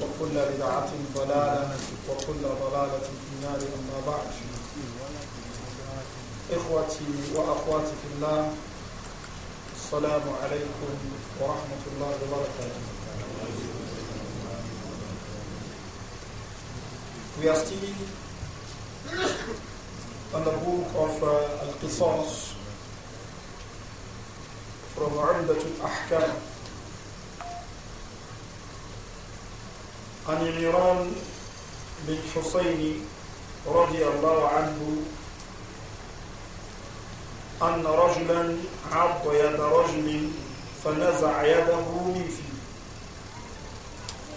وكل بدعة ضلالة وكل ضلالة في النار أما بعد إخوتي وأخواتي في الله السلام عليكم ورحمة الله وبركاته We are still on the book of uh, Al-Qisas from Umdatul Ahkam عن عمران بن حسين رضي الله عنه أن رجلا عض يد رجل فنزع يده من فيه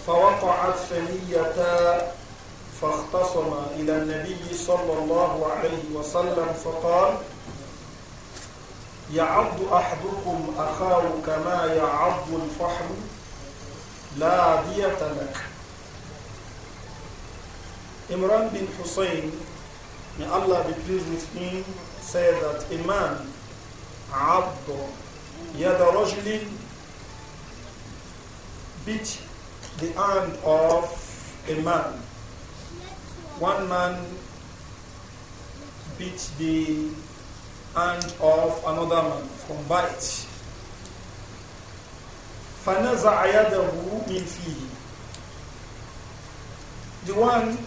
فوقعت ثنية فاختصم إلى النبي صلى الله عليه وسلم فقال يعض أحدكم أخاه كما يعض الفحم لا دية لك Imran bin Hussein, may Allah be pleased with him, said that a man, Abdo, Yada Rajlin, beat the hand of a man. One man beat the hand of another man from bite. فَنَزَعَ يَدَهُ مِنْ فِيهِ The one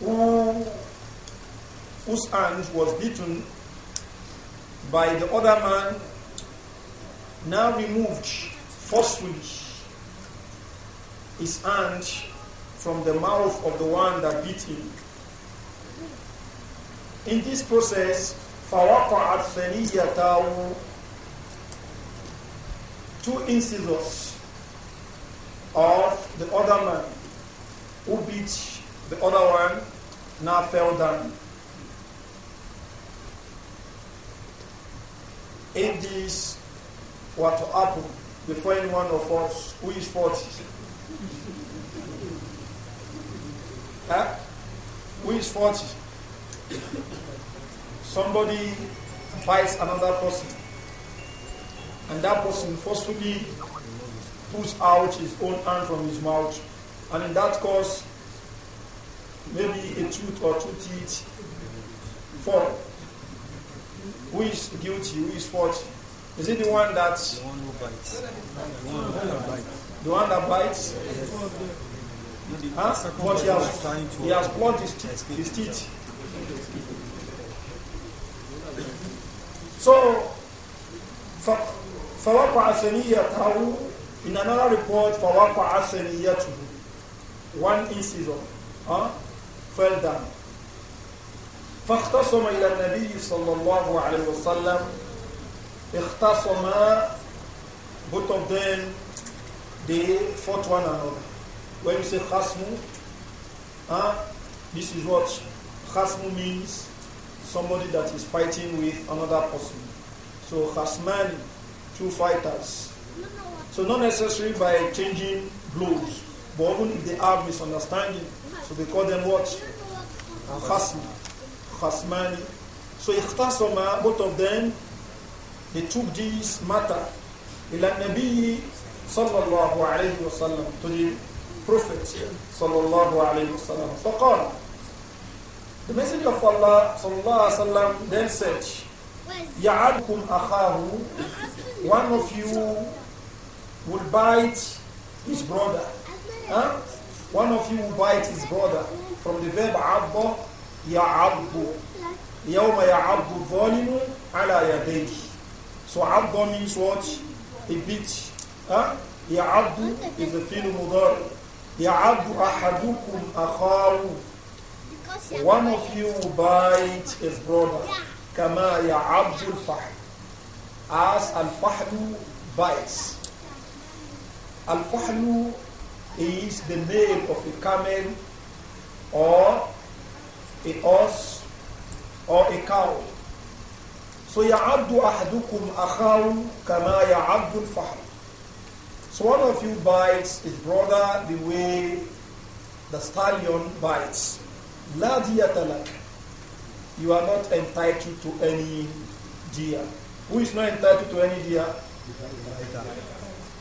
who, whose hand was beaten by the other man, now removed forcefully his hand from the mouth of the one that beat him. In this process, فَوَقَعَتْ ثَنِيَّتَهُ Two incisors of the other man who beat the other one now fell down. If this were to happen before any one of us who is 40, huh? who is 40, somebody bites another person, and that person forcefully pulls out his own hand from his mouth, and in that course maybe a tooth or two teeth fall. Who is guilty? Who is faulty? Is it the one that the one who bites? The one that bites? Yes. Huh? But he has, he has plucked his teeth. His teeth. So, فوقع ثنيته in another report فوقع ثنيته one incision huh? fell down. فاختصم إلى النبي صلى الله عليه وسلم both of them they fought one another when you say khasmu huh, this is what khasmu means somebody that is fighting with another person so khasmani two fighters so not necessary by changing blows but even if they have misunderstanding so they call them what? Khasm. Khasmani. So Ikhtasama, both of them, they took this matter ila Nabi sallallahu alayhi wa sallam, to the Prophet sallallahu alayhi wa sallam. فقال, the Messenger of Allah sallallahu alayhi wa sallam then said, One of you will bite his brother. Huh? One of you will bite his brother from the verb abba, ya'abbu. Yawma ya'abbu zalimu ala yadayhi. So abba means what? He "Ha?" Huh? Ya'abbu is the fi'l mudari. Ya'abbu ahadukum akhahu. One of you will bite his brother. Kama ya'abbu al fah As al-fahlu bites. Al-fahlu is the name of a camel or a horse or a cow. So يَعَبْدُ أَحَدُكُمْ أَخَاهُ كَمَا يَعَبْدُ الْفَحْرُ So one of you bites his brother the way the stallion bites. لَا دِيَةَ لَكَ You are not entitled to any deer. Who is not entitled to any deer?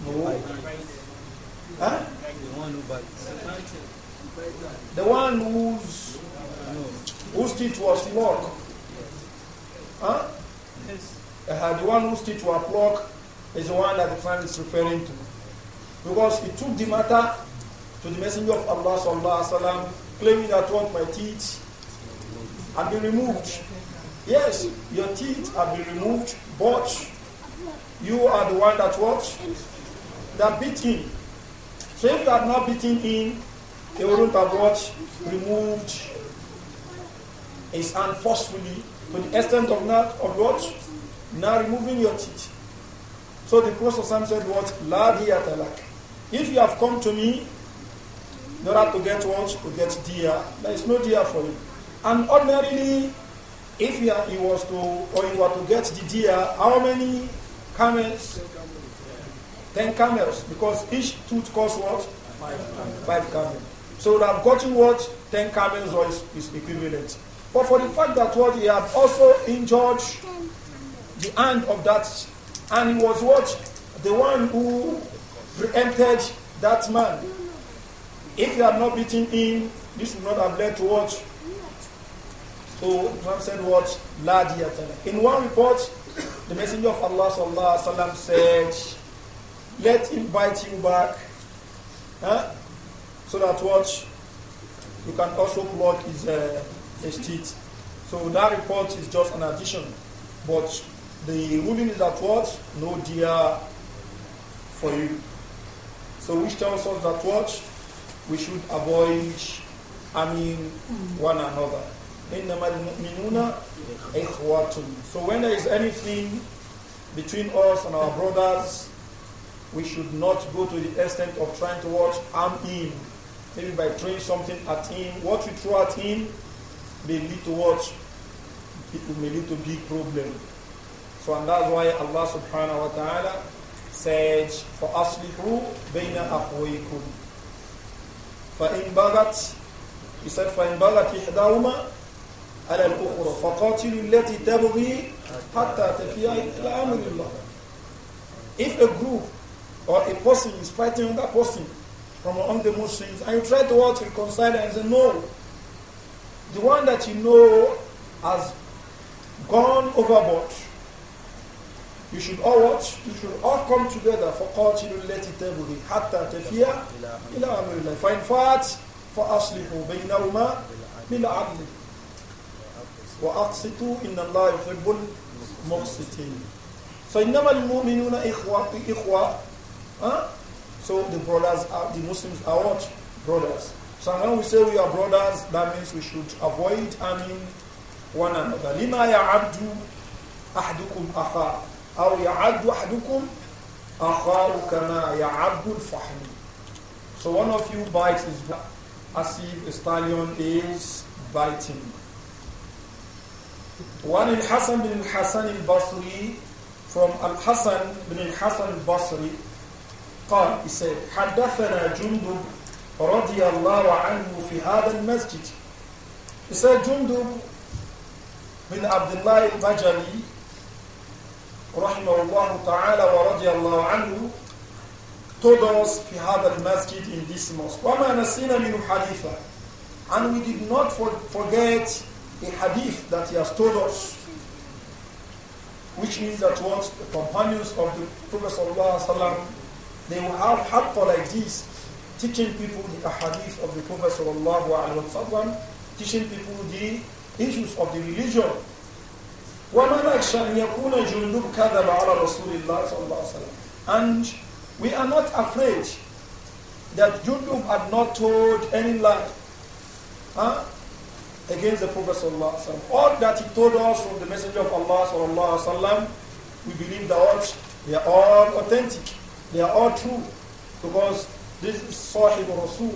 No. Huh? The one who bites. The one whose whose teeth was plucked. Huh? Yes. Uh, uh-huh, the one whose teeth were plucked is the one that the Quran is referring to. Because he took the matter to the Messenger of Allah sallallahu alaihi wasallam, claiming that of my teeth have been removed. Yes, your teeth have been removed, but you are the one that what? That beat him. Faith had not beaten him, they wouldn't have what? Removed his hand forcefully to the extent of not of what? Now removing your teeth. So the Sam said what? La diyatalak. If you have come to me not to get what? To get deer, there is no deer for you. And ordinarily, if he was to or you were to get the deer, how many camels 10 camels because each tooth costs what? 5 camels. So would have gotten what? 10 camels or its, equivalent. But for the fact that what he had also injured the hand of that, and he was what? The one who preempted that man. If he had not beaten him, this would not have led to what? So Imam said what? In one report, the Messenger of Allah sallallahu alaihi wasallam said, let him bite you back. Huh? So that what? You can also block his, uh, his teeth. So that report is just an addition. But the ruling is that what? No deer for you. So which tells us that what? We should avoid harming one another. So when there is anything between us and our brothers, we should not go to the extent of trying to watch him. Maybe by throwing something at him, what we throw at him may lead to what? It may lead to big problem. So and that's why Allah subhanahu wa ta'ala said, For aslihu bayna akhwaykum. فإن بغت he said فإن بغت إحداهما على الأخرى فقاتلوا التي تبغي حتى تفيء إلى أمر الله If a group or a person is fighting another person from among the Muslims, and you try to to reconcile and say no. The one that you know has gone overboard. You should all watch. You should all come together for قاتلوا التي تبغي حتى تفيء إلى أمر الله. فإن فات فأصلحوا بينهما بالعدل وأقسطوا إن الله يحب المقسطين. فإنما المؤمنون إخوة إخوة Huh? So the brothers are, the Muslims are what? Brothers. So when we say we are brothers, that means we should avoid harming one another. لما يعد أحدكم أخاه أو يعد أحدكم أخاه كما يعد الفحم. So one of you bites his brother as if a stallion is biting. One in Hassan bin Hassan al-Basri from Al-Hassan bin Hassan al-Basri قال he said حدثنا جندب رضي الله عنه في هذا المسجد he said جندب بن عبد الله البجلي رحمه الله تعالى ورضي الله عنه told us في هذا المسجد in this mosque وما نسينا منه حديثا and we did not forget a hadith that he has told us which means that once the companions of the Prophet sallallahu alaihi wasallam They will have halqa like this, teaching people the ahadith of the Prophet sallallahu alaihi teaching people the issues of the religion. And we are not afraid that Jundub had not told any lie huh, against the Prophet sallallahu alaihi All that he told us from the Messenger of Allah sallallahu we believe that they are all authentic. They are all true because this is Sahib Rasul.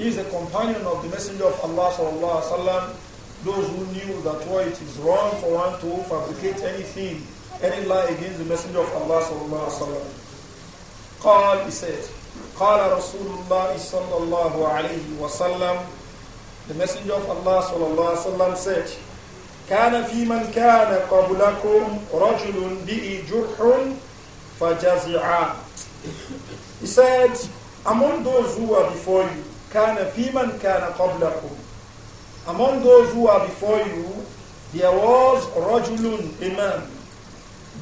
He is a companion of the Messenger of Allah sallallahu alaihi wasallam. Those who knew that why it is wrong for one to fabricate anything, any lie against the Messenger of Allah sallallahu alaihi wasallam. قال he said, قال رسول الله صلى الله عليه وسلم The Messenger of Allah صلى الله عليه وسلم said, كان في من كان قبلكم رجل به جرح فجزعا he said, among those who are before you, كان في من كان Among those who are before you, there was رجل, a man,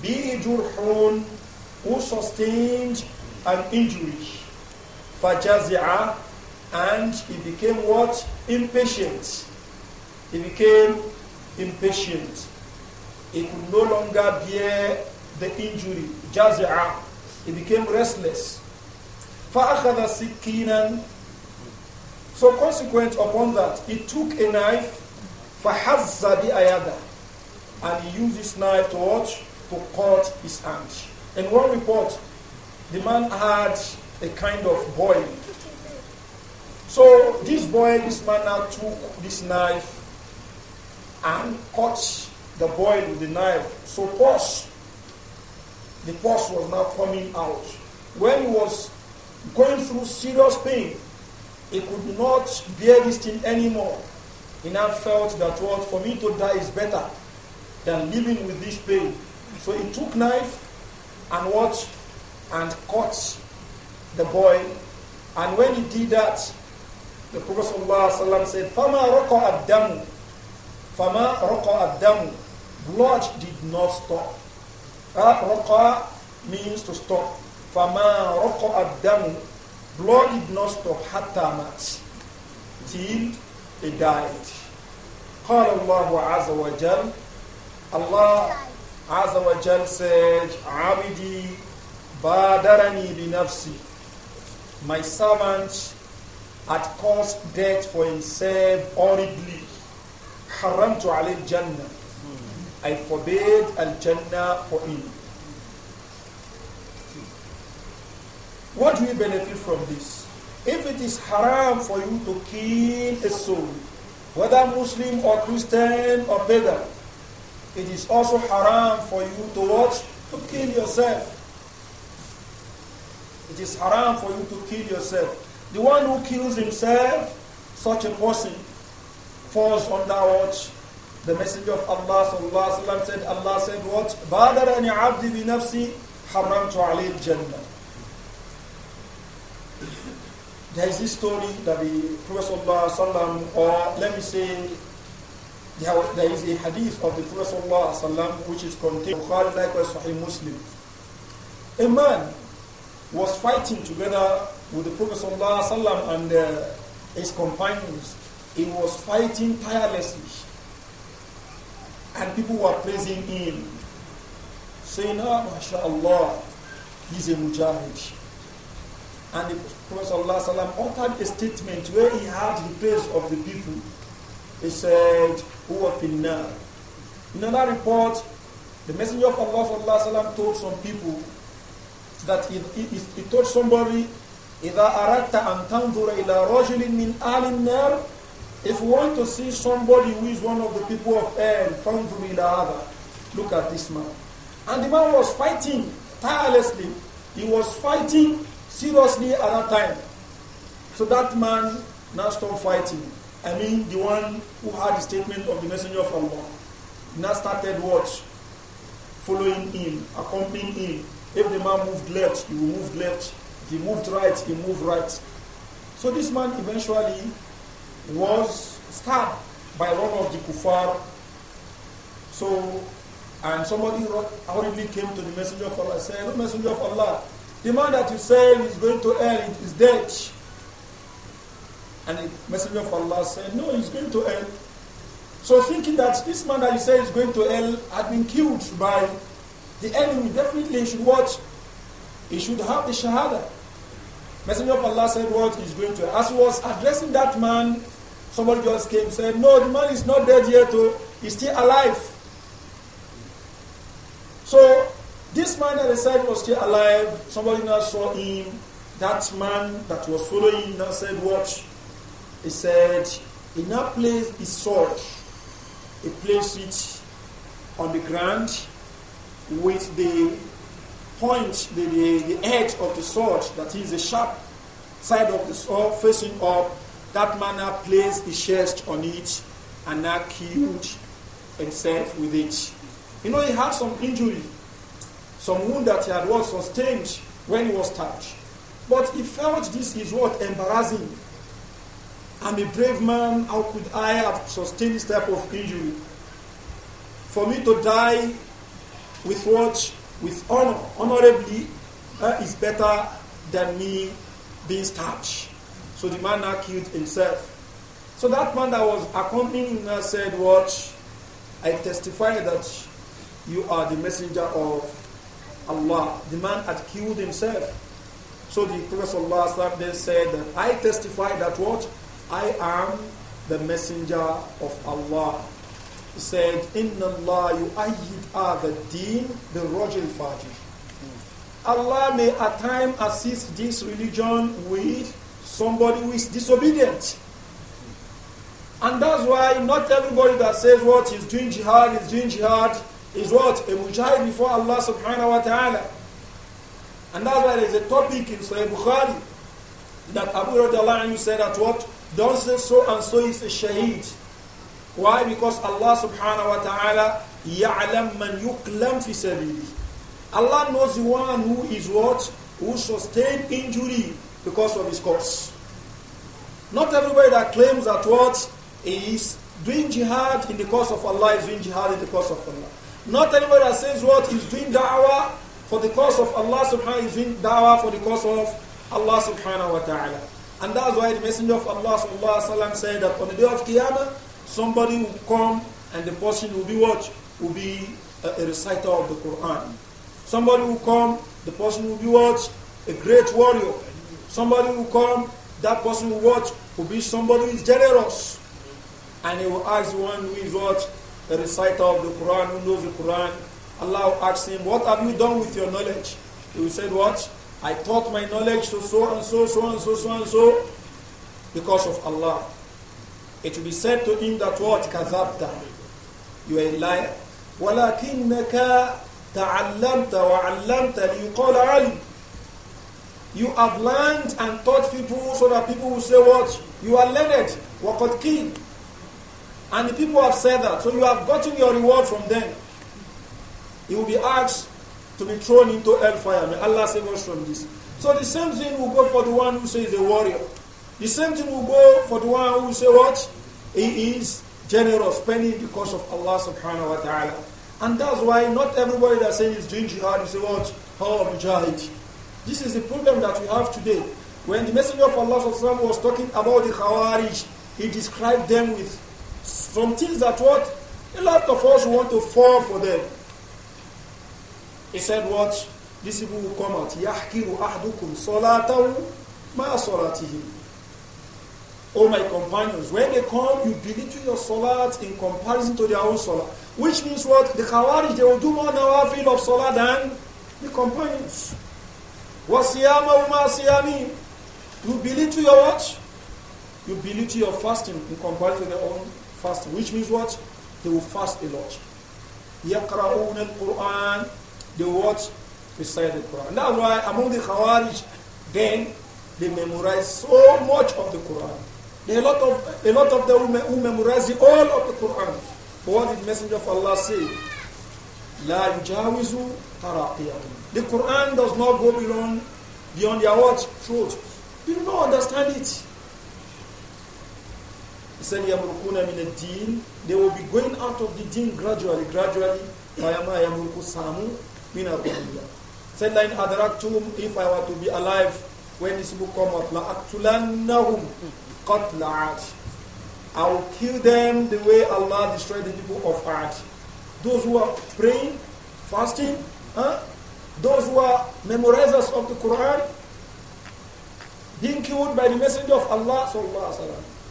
به jurhun, who sustained an injury. fajazia, and he became what? Impatient. He became impatient. He could no longer bear the injury. Jaz'a. He became restless. فَأَخَذَ سِكِّينًا So consequent upon that, he took a knife, فَحَزَّ ayada, And he used this knife to to cut his hand. In one report, the man had a kind of boil. So this boy, this man now took this knife and cut the boil with the knife. So pause the pus was now coming out. When he was going through serious pain, he could not bear this thing anymore. He now felt that what for me to die is better than living with this pain. So he took knife and what and cut the boy. And when he did that, the Prophet ﷺ said, Fama roko adamu, Fama roko adamu." Blood did not stop. Raqa means to stop. Fama raqa abdamu. Blood did not stop hatta mat. Till he died. قال الله عز وجل Allah عز وجل said عبدي بادرني بنفسي My servant had caused death for himself horribly. to عليه Jannah. I forbid Al Jannah for him. What do you benefit from this? If it is haram for you to kill a soul, whether Muslim or Christian or pagan, it is also haram for you to watch to kill yourself. It is haram for you to kill yourself. The one who kills himself, such a person falls under watch. The Messenger of Allah sallallahu alaihi wasallam said, Allah said what? بَادَرَنِ Nafsi haram to عَلَيْهِ jannah." There is this story that the Prophet sallallahu alaihi wasallam, or let me say, there is a hadith of the Prophet sallallahu alaihi wasallam which is contained in Bukhari, likewise Sahih Muslim. A man was fighting together with the Prophet sallallahu alaihi wasallam and uh, his companions. He was fighting tirelessly. And people were praising him, saying, Ah, mashallah, he's a mujahid. And the Prophet ﷺ uttered a statement where he had the praise of the people. He said, Who are finnar? In another report, the Messenger of Allah ﷺ told some people that he, he, he told somebody, إذا أردت أن تنظر إلى رجل من أهل النار if you want to see somebody who is one of the people of El, the other, look at this man. And the man was fighting tirelessly. He was fighting seriously at that time. So that man now stopped fighting. I mean, the one who had the statement of the messenger of Allah. Now started watch, Following him, accompanying him. If the man moved left, he moved left. If he moved right, he moved right. So this man eventually was stabbed by one of the kuffar. So, and somebody hurriedly came to the messenger of Allah saying, "The messenger of Allah, the man that you said is going to hell is dead." And the messenger of Allah said, "No, he's going to hell." So thinking that this man that you say is going to hell had been killed by the enemy, definitely he should watch. He should have the shahada. Messenger of Allah said what he's going to. As he was addressing that man, somebody just came said, No, the man is not dead yet, oh, he's still alive. So this man that the said was still alive, somebody now saw him. That man that was following him now said, What? He said, He now placed his sword, he placed it on the ground with the point, the, the, the edge of the sword, that is the sharp side of the sword facing up, that manner placed his chest on it and now killed himself with it. You know, he had some injury, some wound that he had once sustained when he was touched. But he felt this is what embarrassing. I'm a brave man, how could I have sustained this type of injury? For me to die with what with honor, honorably uh, is better than me being starched. So the man now killed himself. So that man that was accompanying him said, Watch, I testify that you are the messenger of Allah. The man had killed himself. So the Prophet Allah then said I testify that what? I am the messenger of Allah said, Inna Allah yu'ayyid hadha deen bil rajul fajir. Allah may at times assist this religion with somebody who is disobedient. And that's why not everybody that says what is doing jihad is doing jihad is what? A mujahid before Allah subhanahu wa ta'ala. And that's why there's a topic in Sahih Bukhari that Abu Radiallahu said that what? Don't say so and so is a shaheed. Why? Because Allah subhanahu wa ta'ala yalam man يُقْلَمْ fi sabi. Allah knows the one who is what? Who sustained injury because of his cause. Not everybody that claims that what is doing jihad in the cause of Allah is doing jihad in the cause of Allah. Not everybody that says what is doing da'wah for the cause of Allah subhanahu is doing da'wah for the cause of Allah subhanahu wa ta'ala. And that's why the Messenger of Allah sallallahu said that on the day of Qiyamah, somebody will come and the person will be what? Will be a, a reciter of the Quran. Somebody will come, the person will be what? A great warrior. Somebody will come, that person will what? Will be somebody who is generous. And he will ask one who is what? A reciter of the Quran, who knows the Quran. Allah will ask him, What have you done with your knowledge? He will say, What? I taught my knowledge to so and so, so and so, so and so, because of Allah. It will be said to him that what? Kazabta. You are a liar. وَلَكِنَّكَ تَعَلَّمْتَ وَعَلَّمْتَ لِيُقَالَ عَلِمْ You have learned and taught people so that people will say what? You are learned. وَقَدْ كِينَ And the people have said that. So you have gotten your reward from them. You will be asked to be thrown into hellfire. May Allah save us from this. So the same thing will go for the one who says a warrior. The same thing will go for the one who say what? He is generous, spending the cause of Allah subhanahu wa ta'ala. And that's why not everybody that says he's doing jihad is what? How oh, jihad. This is the problem that we have today. When the Messenger of Allah subhanahu was talking about the Khawarij, he described them with some things that what? A lot of us want to fall for them. He said what? These people will come out. يَحْكِرُ أَحْدُكُمْ صَلَاتَهُ ma صَلَاتِهِ all oh, my companions, when they come, you belittle your salat in comparison to their own salat. Which means what? The Khawarij, they will do more nawafil of salat than the companions. وَصِيَامَ وَمَا siyami? You belittle your what? You belittle your fasting in comparison to their own fasting. Which means what? They will fast a lot. يَقْرَؤُونَ Quran, They will what? Recite the Quran. That's why among the Khawarij, then they memorize so much of the Quran. A lot of a lot of the women who memorize all of the Quran. But what did Messenger of Allah say? La yujawizu taraqiyahum. The Quran does not go beyond beyond their what? Throat. You do not understand it. He said, Yamrukuna min ad-deen. They will be going out of the din gradually, gradually. Fayama yamruku samu min ar-ruhiyya. Said, la in adraktum, if I were to be alive, when this book come out, la nahum. قَتْلَ عَادٍ I will kill them the way Allah destroyed the people of Ad. Those who are praying, fasting, huh? those who are memorizers of the Quran, being killed by the messenger of Allah.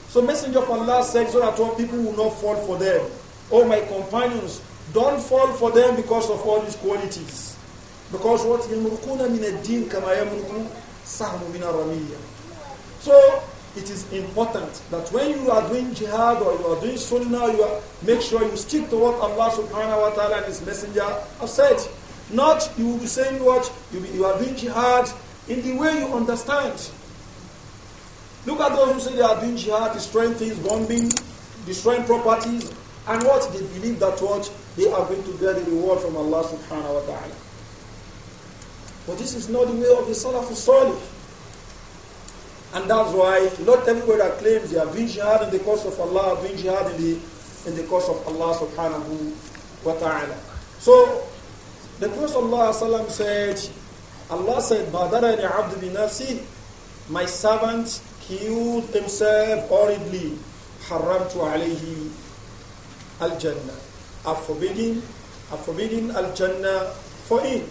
So messenger of Allah said so that all people will not fall for them. Oh my companions, don't fall for them because of all these qualities. Because what? يَمُرْكُونَ مِنَ الدِّينِ كَمَا يَمُرْكُونَ سَهْمُ مِنَ الرَّمِيَّةِ So it is important that when you are doing jihad or you are doing sunnah, you are, make sure you stick to what Allah subhanahu wa ta'ala and His Messenger have said. Not you will be saying what you, be, you are doing jihad in the way you understand. Look at those who say they are doing jihad, destroying things, bombing, destroying properties, and what they believe that what they are going to get the reward from Allah subhanahu wa ta'ala. But this is not the way of the Salafus Salih. And that's why not everybody that claims they are doing jihad in the cause of Allah are jihad in the, in the cause of Allah subhanahu wa ta'ala. So the Prophet Allah said, Allah said, Badarani Abdu binafsi, my servant killed himself horribly. to alayhi al-Jannah. i forbidding, forbidden, i forbidden al-Jannah for him.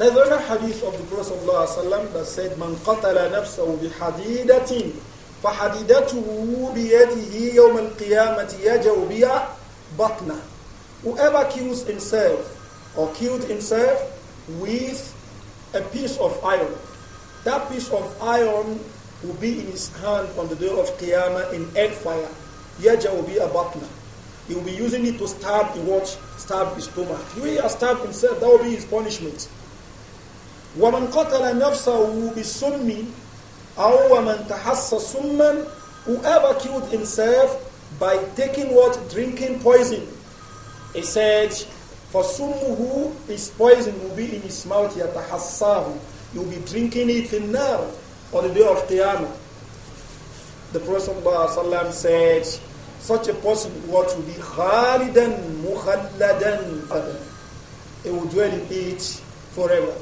There's another hadith of the Prophet ﷺ that said, Man qatala nafsahu bihadidatin فَحَدِدَتُهُ بِيَدِهِ يَوْمَ الْقِيَامَةِ يَجَوْ بِيَا batna." Whoever kills himself or killed himself with a piece of iron, that piece of iron will be in his hand on the day of Qiyamah in hellfire. Yaja will be a butler. He will be using it to stab the watch, Stab his stomach. He will stab himself. That will be his punishment. ومن قتل نفسه بالسم أو ومن تحصى سما whoever killed himself by taking what drinking poison he said for summuhu his poison will be in his mouth yatahassahu he will be drinking it in now on the day of Qiyamah the Prophet ﷺ said such a person what will be khalidan mukhalladan he will dwell in it forever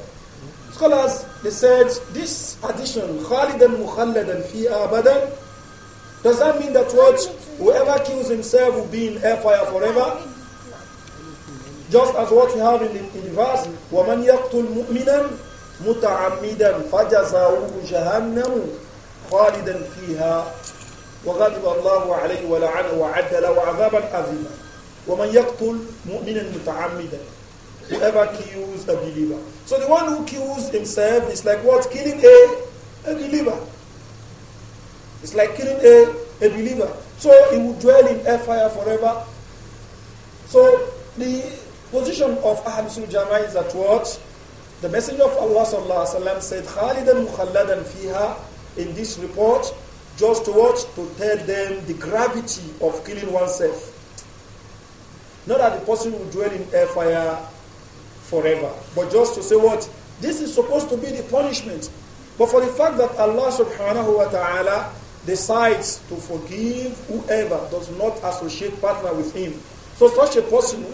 Scholars, they said this addition, Khalidan Mukhalladan fi abadan, does that mean that what? Whoever kills himself will be in hellfire forever? Just as what we have in the, in the verse, وَمَنْ يَقْتُلْ مُؤْمِنًا مُتَعَمِّدًا فَجَزَاؤُهُ جَهَنَّمُ خَالِدًا فِيهَا وغضب الله عليه ولعنه وعد له عذابا عظيما ومن يقتل مؤمنا متعمدا Whoever kills a believer. So the one who kills himself is like what? Killing a, a believer. It's like killing a, a believer. So he will dwell in hellfire forever. So the position of Ahlul Jama'ah is that what? The Messenger of Allah sallallahu alaihi wasallam said, "Khalidan mukhalladan fiha." In this report, just to what to tell them the gravity of killing oneself. Not that the person will dwell in hellfire forever. But just to say what? This is supposed to be the punishment. But for the fact that Allah subhanahu wa ta'ala decides to forgive whoever does not associate partner with him. So such a person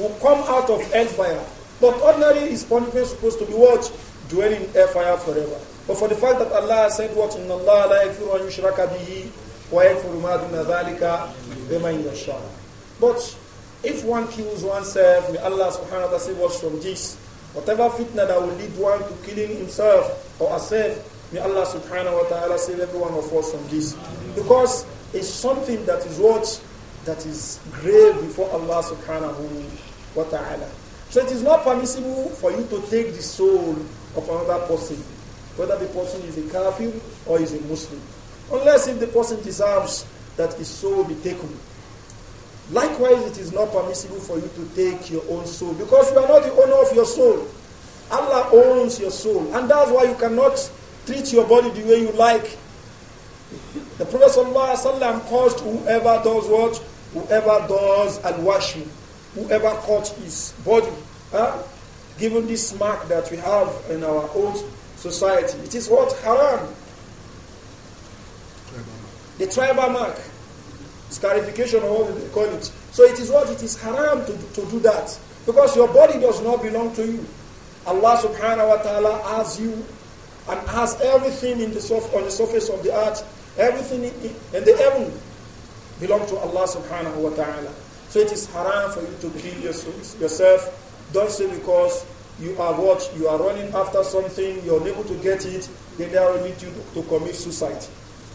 will come out of hellfire. But ordinarily his punishment is supposed to be what? Dwelling in hellfire forever. But for the fact that Allah said what? in Allah la yakfiru you yushraka bihi wa yakfiru ma duna dhalika But if one kills oneself, may Allah subhanahu wa ta'ala save us from this. Whatever fitna that will lead one to killing himself or herself, may Allah subhanahu wa ta'ala save every one of us from this. Because it's something that is what? That is grave before Allah subhanahu wa ta'ala. So it is not permissible for you to take the soul of another person, whether the person is a kafir or is a Muslim, unless if the person deserves that his soul be taken. Likewise, it is not permissible for you to take your own soul because you are not the owner of your soul. Allah owns your soul, and that's why you cannot treat your body the way you like. The Prophet ﷺ caused whoever does what? Whoever does and washing, whoever cuts his body. Huh? Given this mark that we have in our own society, it is what? Haram. The tribal mark. Scarification or what they call it. So it is what? It is haram to, to do that. Because your body does not belong to you. Allah subhanahu wa ta'ala has you and has everything in the surf, on the surface of the earth. Everything in, in the heaven belong to Allah subhanahu wa ta'ala. So it is haram for you to kill yourself. Don't say because you are what? You are running after something, you're unable to get it, then they will leading you to commit suicide.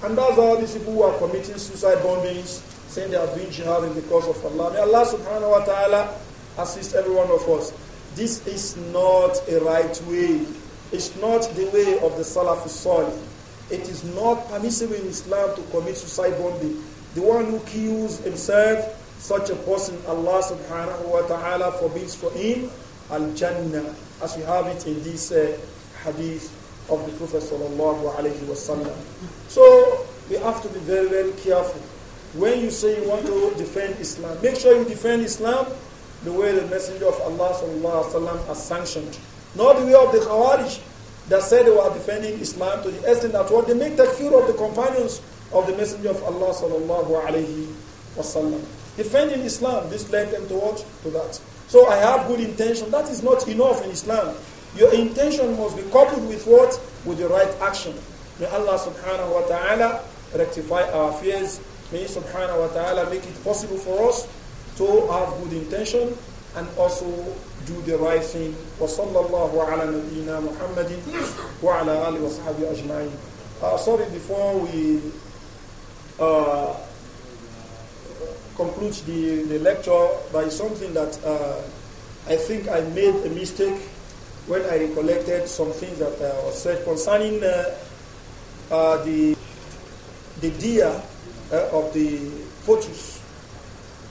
And that's how these people who are committing suicide bombings, saying they are doing jihad in the cause of Allah. May Allah subhanahu wa ta'ala assist every one of us. This is not a right way. It's not the way of the Salafus Salih. It is not permissible in Islam to commit suicide bombing. The one who kills himself, such a person, Allah subhanahu wa ta'ala forbids for him al-Jannah, as we have it in this uh, hadith of the Prophet sallallahu alaihi wasallam. So we have to be very, very careful. When you say you want to defend Islam, make sure you defend Islam the way the Messenger of Allah sallallahu alaihi wasallam has sanctioned, not the way of the Khawarij that said they were defending Islam to the extent that what they make takfir of the companions of the Messenger of Allah sallallahu alaihi wasallam. Defending Islam, this led them to what? To that. So I have good intention. That is not enough in Islam. Your intention must be coupled with what? With the right action. May Allah subhanahu wa ta'ala rectify our fears. May subhanahu wa ta'ala make it possible for us to have good intention and also do the right thing. وصلى الله على نبينا محمد وعلى آله وصحبه Uh, sorry, before we uh, conclude the, the lecture by something that uh, I think I made a mistake when I recollected some things that I uh, was said concerning uh, uh, the the deer uh, of the fortress.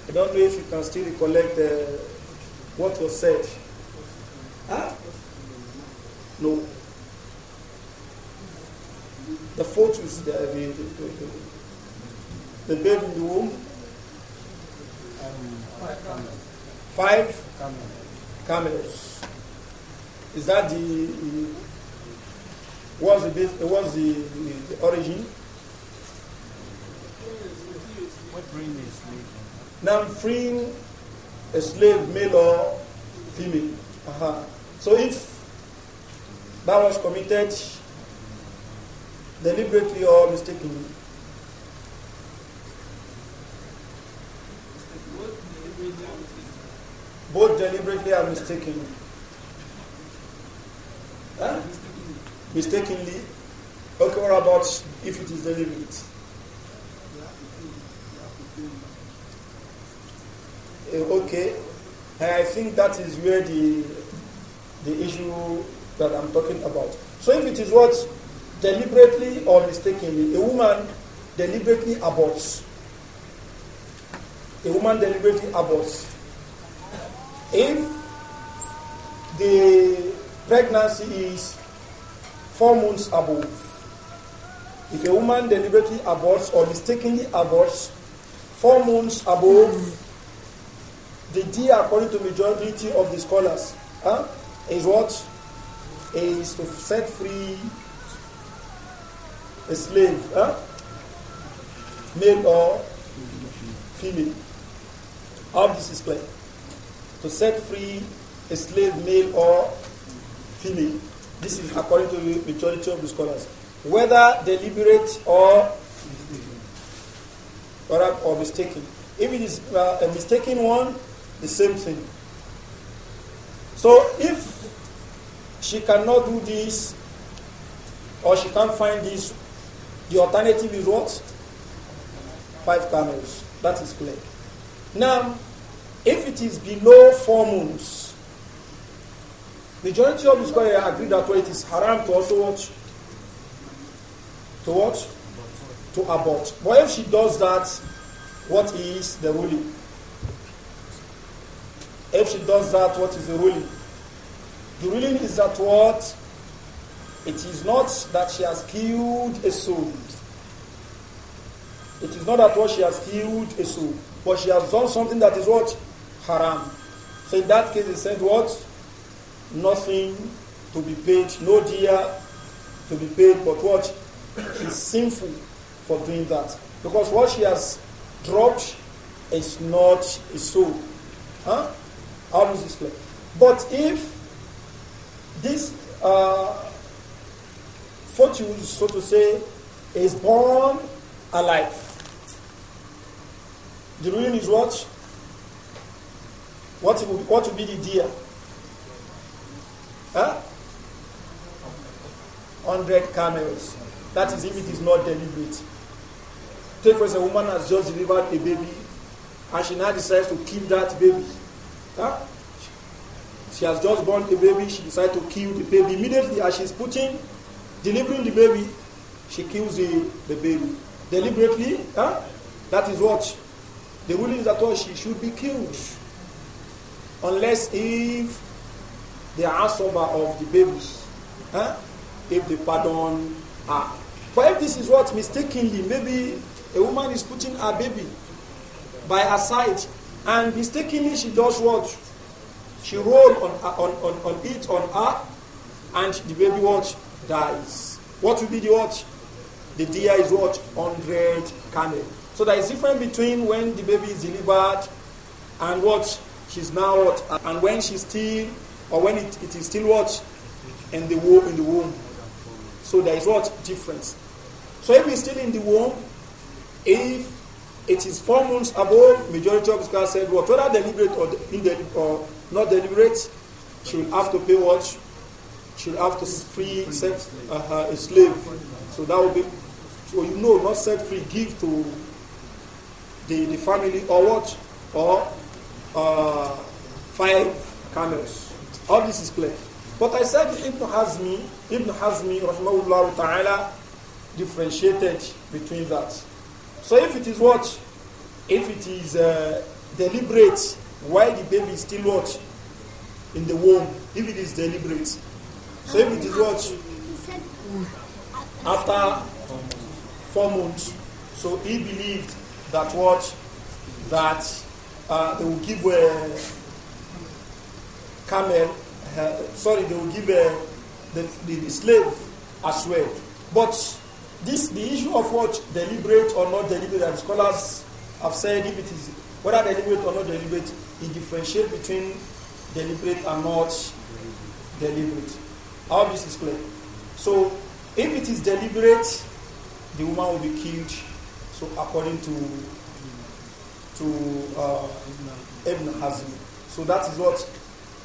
I don't know if you can still recollect uh, what was said. Huh? No. The fortress, the, the, the, the, babe in the womb. five camels. Five camels. Is that the what's the base, what's the, the, the origin? What freeing a slave? Now freeing a slave, male or female. Uh -huh. So if that was committed deliberately or mistakenly. Both deliberately and mistakenly. Huh? Mistakenly. Okay, what about if it is deliberate. Eh, okay. And I think that is where the the issue that I'm talking about. So if it is what deliberately or mistakenly, a woman deliberately aborts. A woman deliberately aborts. If the pregnancy is four months above. If a woman deliberately aborts or mistakenly aborts four months above, the dia, according to majority of the scholars, huh, is what? Is to set free a slave, huh? male or female. How this is clear. To set free a slave, male or Feeling. This is according to the majority of the scholars. Whether deliberate or or, or mistaken. If it is uh, a mistaken one, the same thing. So if she cannot do this or she can't find this, the alternative is what? Five camels. That is clear. Now, if it is below four moons, Majority of the scholars agree that it is haram to also watch. To what? To abort. But if she does that, what is the ruling? If she does that, what is the ruling? The ruling is that what? It is not that she has killed a soul. It is not that what she has killed a soul, but she has done something that is what? Haram. So in that case, they said what? nothing to be paid, no dear to be paid, but what? She's sinful for doing that. Because what she has dropped is not a soul. Huh? How does this play? But if this uh, fortune, so to say, is born alive, the ruin is what? What will, what will be the dear? Huh? 100 camels. That is if it is not deliberate. Take for example, a woman has just delivered a baby and she now decides to kill that baby. Huh? She has just born a baby, she decides to kill the baby. Immediately as she's putting, delivering the baby, she kills the, the baby. Deliberately, huh? that is what? The ruling is that what she should be killed. Unless if the asoba of the babies. Huh? If they pardon her. But if this is what mistakenly, maybe a woman is putting her baby by her side and mistakenly she does what? She roll on, on, on, on it on her and the baby what? Dies. What will be the what? The dia is what? 100 candle. So there is difference between when the baby is delivered and what she's now what, and when she's still or when it, it is still what? In the womb, in the womb. So there is what? Difference. So if it's still in the womb, if it is four months above, majority of scholars said what? Whether deliberate or, indeliberate or not deliberate, she will have to pay what? She will have to free set uh, a slave. So that will be, so you know, not set free, give to the, the family or what? Or uh, five camels. All this is clear. But I said Ibn Hazmi, Ibn Hazmi, rahmahullah ta'ala, differentiated between that. So if it is what? If it is uh, deliberate, why the baby is still what? In the womb, if it is deliberate. So if it is what? After four months. So he believed that what? That uh, they will give uh, camel, uh, sorry, they will give uh, the, the, the slave as well. But this the issue of what deliberate or not deliberate, and scholars have said if it is whether deliberate or not deliberate, it differentiates between deliberate and not deliberate. All this is clear. So if it is deliberate, the woman will be killed. So according to to uh, Ibn Hazm. So that is what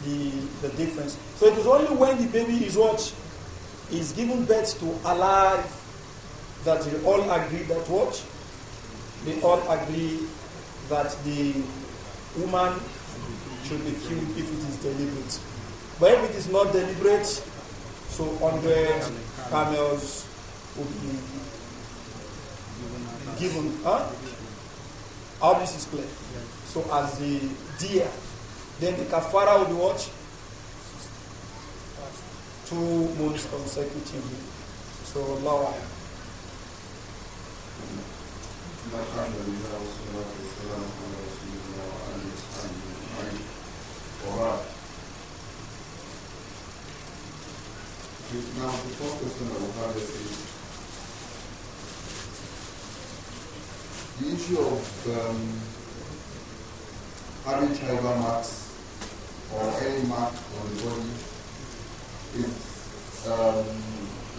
the, the difference. So it is only when the baby is what is given birth to alive that they all agree that what? They all agree that the woman should be killed if it is deliberate. But if it is not deliberate, so 100 camels would be given. Huh? All this is clear. So as the deer then the kafara will be what? Two months consecutively. So Allah. Now, the first question I would have is the issue of um, having tribal marks or any mark on the body is um,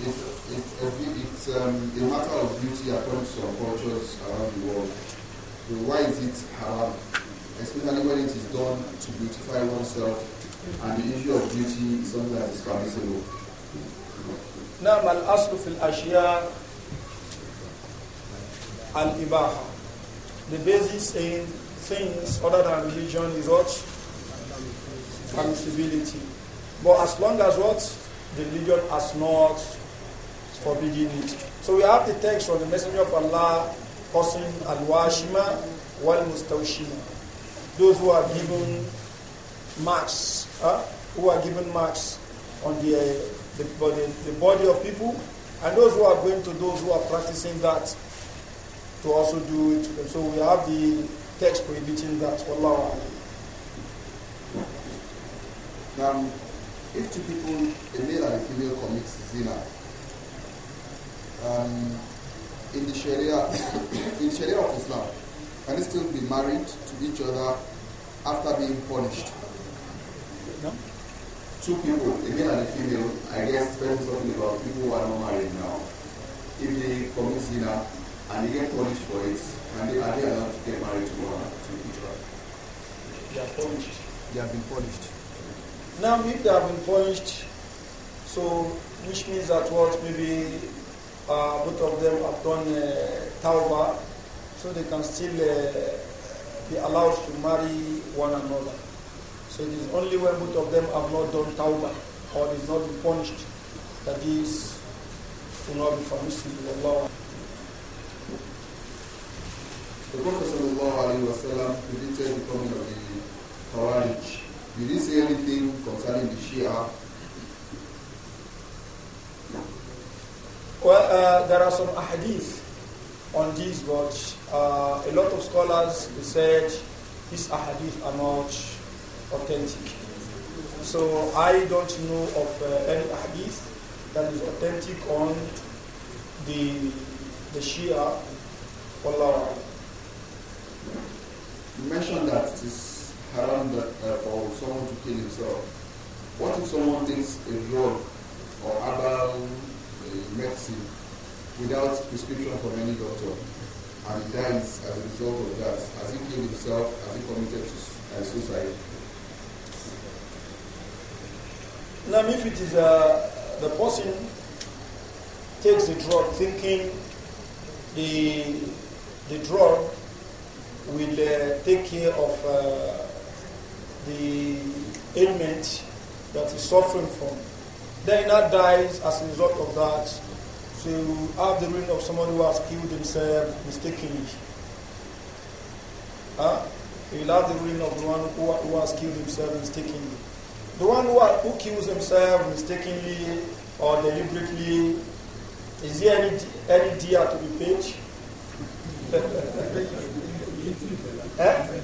it's, it's, a, it's um, a matter of beauty according to some cultures around the world. But why is it haram? Especially when it is done to beautify oneself, and the issue of beauty is something that is permissible. نعم الأصل في الأشياء الإباحة. The basis in things other than religion is what permissibility. But as long as what? The religion has not forbidden it. So we have the text from the Messenger of Allah cursing al-washima wal-mustawshima. Those who are given marks, huh? who are given marks on the, uh, the, body, the body of people, and those who are going to those who are practicing that to also do it. So we have the text prohibiting that. Wallahu now, um, if two people, a male and a female, commit zina, um, in the Sharia, in Sharia of Islam, can they still be married to each other after being punished? No. Two people, a male and a female, I guess depends talking about people who are not married now. If they commit zina and they get punished for it, can they, are they allowed to get married to, one, to each other? They are punished. They have been punished. Now, if they have been punished, so which means that what maybe uh, both of them have done uh, so they can still uh, be allowed to marry one another. So it is only when both of them have not done tauba, or is not been punished that these will not be permissible. Allah. The Prophet ﷺ predicted the coming of the Khawarij did he say anything concerning the Shia? Well, uh, there are some ahadith on this, but uh, a lot of scholars said these ahadith are not authentic. So I don't know of uh, any ahadith that is authentic on the the Shia. Allah. You mentioned that this that, uh, for someone to kill himself. What if someone takes a drug or other uh, medicine without prescription from any doctor and dies as a result of that? Has he killed himself? Has he committed uh, suicide? Now, if it is uh, the person takes the drug thinking the, the drug will uh, take care of uh, the ailment that he's suffering from. Then he now dies as a result of that. So have the ruin of someone who has killed himself mistakenly. Huh? You'll have the ruin of the one who, who has killed himself mistakenly. The one who, who kills himself mistakenly or deliberately, is there any, any dear to be paid? eh?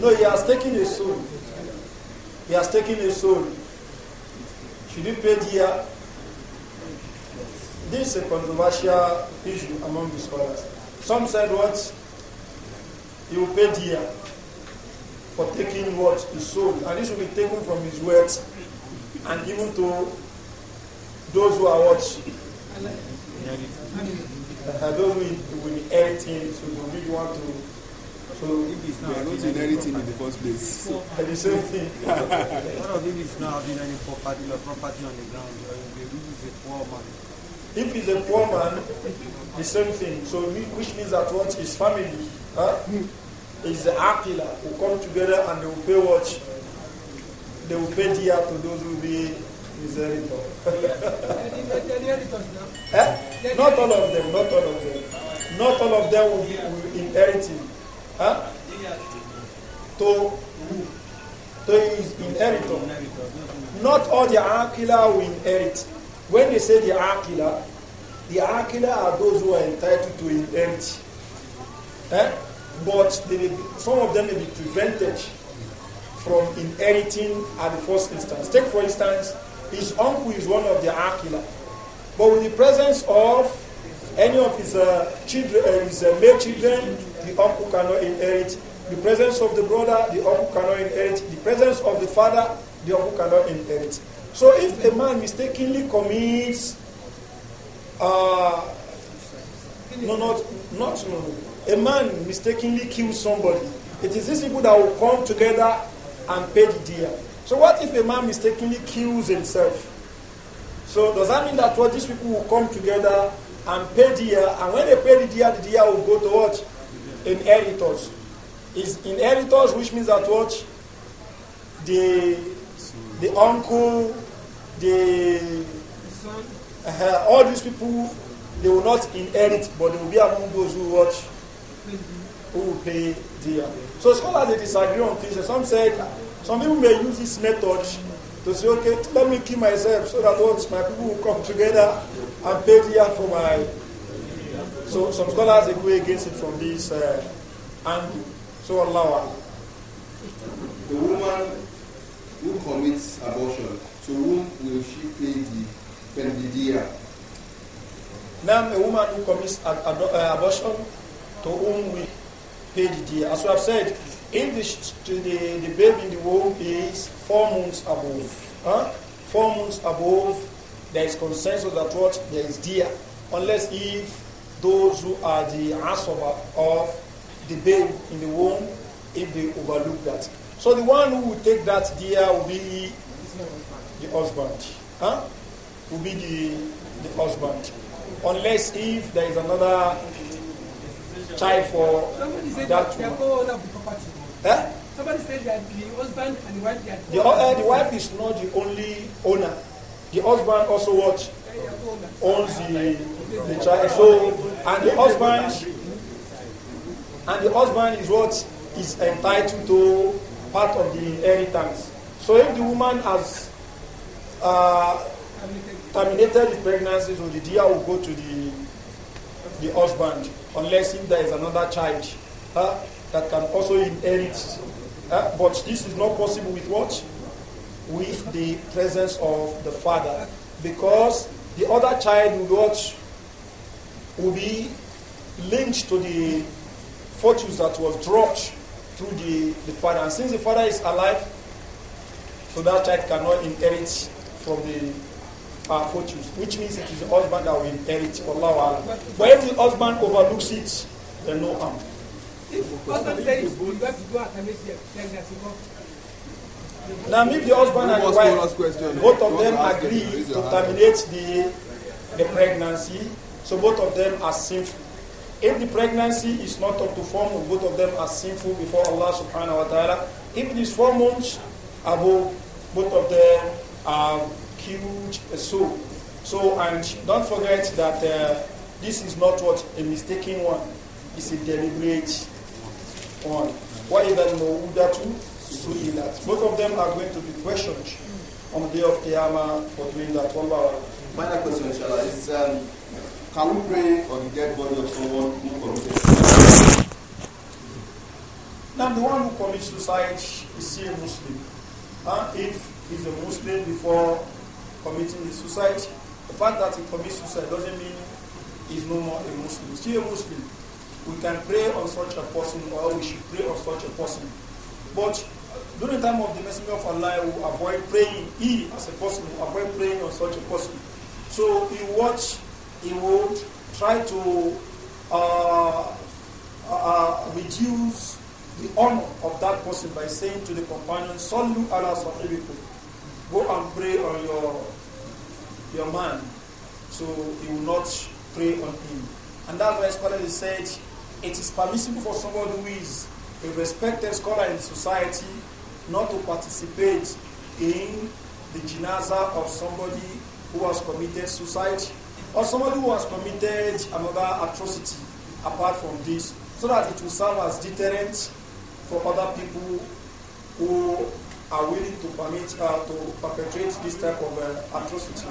No, he has taken his soul. He has taken his soul. Should he pay here? Uh, this is a controversial issue among the scholars. Some said what? He will pay here uh, for taking what? His soul. And this will be taken from his wealth and given to those who are what? I we, not inherit him, so we really want to. So if it's not, we are not doing anything in the first place. So, and the same thing. One of them is not having any property, no property on the ground. The is a poor man. If he's a poor man, the same thing. So which means that what his family huh, is the Aquila who come together and they will pay what? They will pay dear to those who be miseritor. eh? Not all of them, not all of them. Not all of them will be will inherit Huh? To, to his inheritor. Not all the Akila will inherit. When they say the Akila, the Akila are those who are entitled to inherit. Eh? But be, some of them may be prevented from inheriting at the first instance. Take, for instance, his uncle is one of the Akila. But with the presence of any of his uh, children, uh, his uh, male children, the uncle cannot inherit. The presence of the brother, the uncle cannot inherit. The presence of the father, the uncle cannot inherit. So if a man mistakenly commits, uh, no, not, not, no, a man mistakenly kills somebody, it is these people that will come together and pay the dear. So what if a man mistakenly kills himself? So does that mean that what these people will come together and pay dear, uh, and when they pay the dear, the dear will go to what? Inheritors. Is inheritors, which means that what? The the uncle, the uh, all these people, they will not inherit, but they will be among those who watch, who will pay dear. So scholars they disagree on this. Some said some people may use this method to say, okay, let me kill myself so that once my people will come together and pay the year for my. So some scholars agree against it from this uh, angle. So Allah. The woman who commits abortion, to whom will she pay the pendidia? Now, a woman who commits ab ab abortion, to whom we pay the dia. As we have said, in the, the, the baby in the womb is four months above, huh? four months above, there is consensus that what there is dear, unless if those who are the answer of the baby in the womb, if they overlook that. So the one who will take that dear will be the husband. Huh? Will be the, the husband. Unless if there is another child for that woman. Eh? Somebody said that the husband and the wife are the, uh, the wife is not the only owner. The husband also what? Owns the, the child. So and the husband and the husband is what is entitled to part of the inheritance. So if the woman has uh, terminated the pregnancy, so the deer will go to the the husband, unless if there is another child. Huh? that can also inherit. Uh, but this is not possible with what? With the presence of the father. Because the other child will watch will be linked to the fortunes that was dropped through the, the father. And since the father is alive, so that child cannot inherit from the uh, fortunes, which means it is the husband that will inherit. Allah. But if the husband overlooks it, then no harm. Now, if the husband and the wife, both of them agree to terminate the, the pregnancy, so both of them are sinful. If the pregnancy is not up to four months, both of them are sinful before Allah subhanahu wa ta'ala. If it is four months above, both of them are huge soul. So, and don't forget that uh, this is not what a mistaken one, it's a deliberate on. وَإِذَا الْمَوْءُودَةُ سُئِلَتْ Both of them are going to be questioned on the day of Qiyamah for doing that. Wallahu Final question, inshallah, is um, can we pray on the dead body of someone who committed suicide? Now, the one who commits suicide is still a Muslim. Huh? If he's a Muslim before committing the suicide, the fact that he commits suicide doesn't mean he's no more a Muslim. Still a Muslim we can pray on such a person or we should pray on such a person. But during the time of the Messenger of Allah, we avoid praying, he as a person avoid praying on such a person. So he would, he would try to uh, uh, reduce the honor of that person by saying to the companion, Sallu ala go and pray on your, your man. So he will not pray on him. And that's why scholars said it is permissible for someone who is a respected scholar in society not to participate in the janaza of somebody who has committed suicide or somebody who has committed another atrocity apart from this, so that it will serve as deterrent for other people who are willing to permit uh, to perpetrate this type of uh, atrocity.